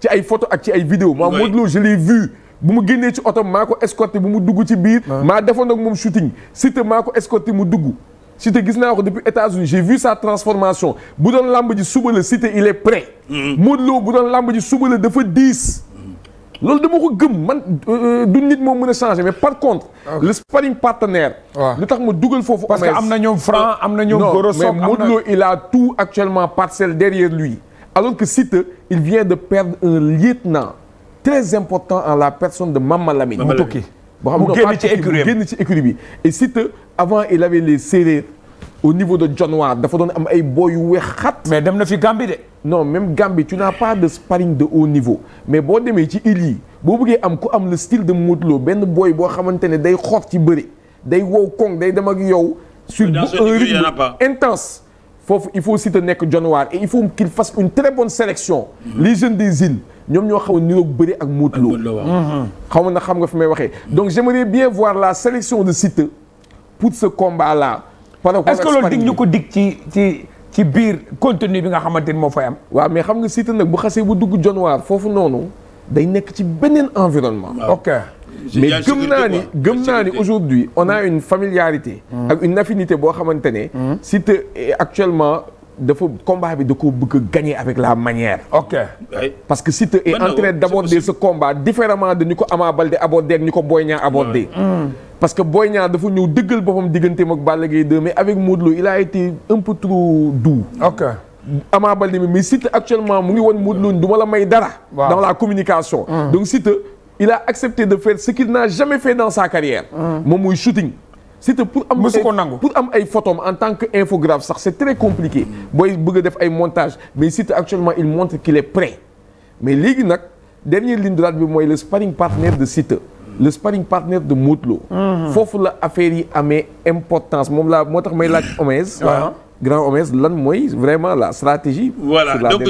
ci ay photo ak ci ay vidéo maa Modou Lo je l'ai vu bu mu génnee ci oto maa ko escorté bu mu dugg ci biir ah. maa defoon ak moom shooting Siteu maa ko escorté mu dugg Siteu gis naa ko depuis États-Unis j'ai vu sa transformation bu doon làmba ji suba la Siteu il est prêt mm-hmm. Modou Lo bu doon làmb ji suba la dafa diis mm-hmm. loolu dama ko gëm man euh, euh, du nit moo mën a changer mais par contre. Okay. Ah. le sparring partenaire. waaw lu tax ma dugal foofu. parce que am na ñoom franc am na ñoom. Gorosok am na non mais actuellement parcelle derrière lui. alors que Siteu il vient de perdre un lieutenant très important en la personne de Mama Lamine. Mama boo xam ne mu génn ci écurie bi et Siteu avant il avait les Sérères au niveau de John Ward dafa doon am ay boy yu weex xat. mais dem na fi Gambie de. non même Gambie tu na pas de sparring de haut niveau mais boo demee ci îles boo bëggee am ku am le style de Modou Lô benn boy boo xamante ne day xor ci bëri day wow koŋ day dem ak yow. sur un rythme intense. foofu il faut Siteu nekk jonwaar et il faut qu'il fasse une très bonne sélection mm-hmm. les jeunes des îles ñoom ñoo xaw niroog bëri ak Modou Lo mm-hmm. xaw ma na xam nga fi may waxee mm-hmm. donc j'aimerais bien voir la sélection de Siteu pour ce combat là par rapport est-ce que loolu dig ko dig ci ci ci biir contenu bi nga xamante ni moo fay am waaw mais xam nga Siteu nag bu xasee bu dugg jonwaar foofu noonu day nekk ci beneen environnement ok mais gëm naa ni gëm naa ni aujourd'hui on a mm. une familiarité. Mm. ak une affinité boo xamante ne. Mm. Siteu eh, actuellement dafa combat bi da koo bëgg a gagner avec la manière. ok parce que Siteu est en train d'aborder ce combat différemment ni ko Ama Baldé ak ni ko Boy Niang aborder. parce que Boy Niang dafa ñëw dëggal boppam digganteem ak Balla Gaye 2 mais avec Modou Lo il a été un peu trop doux. ok Ama Baldé mais Siteu actuellement mu ngi woon Modou Lo du ma la may dara. dans la communication. il a accepté de faire ce qu'il n'a jamais fait dans sa carrière moom muy shooting c'était pour am pour am ay photom en tant que infographe c'est très compliqué booy bëgg a def ay montage mais surtout actuellement il montre qu'il est prêt mais léegi nag dernière ligne droite bi mooy le sparring partner de Siteu le sparring partner de Modou Lo mhm. la affaire yi amee importance moom la moo tax may laaj Omez grand Omez lan mooy vraiment la stratégie voilà donc